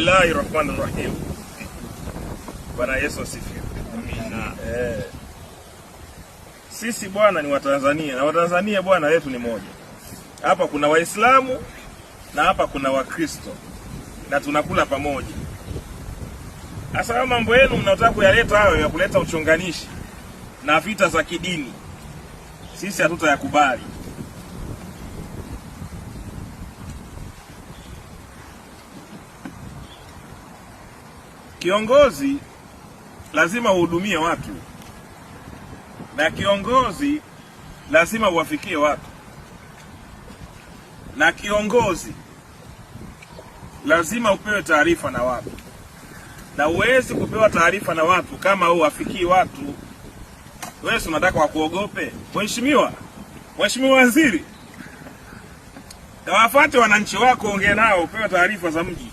Bismillahir Rahmanir Rahim. Bwana Yesu asifiwe. Amina. Eh. Sisi bwana ni Watanzania na Watanzania bwana wetu ni moja. Hapa kuna Waislamu na hapa kuna Wakristo na tunakula pamoja. Sasa mambo yenu mnataka kuyaleta hayo ya kuleta uchonganishi na vita za kidini, sisi hatutayakubali. Kiongozi lazima uhudumie watu na kiongozi lazima uwafikie watu na kiongozi lazima upewe taarifa na watu, na huwezi kupewa taarifa na watu kama huwafikii watu. Wewe unataka wakuogope? Mheshimiwa, Mheshimiwa Waziri, kawafate wananchi wako, ongea nao, upewe taarifa za mji.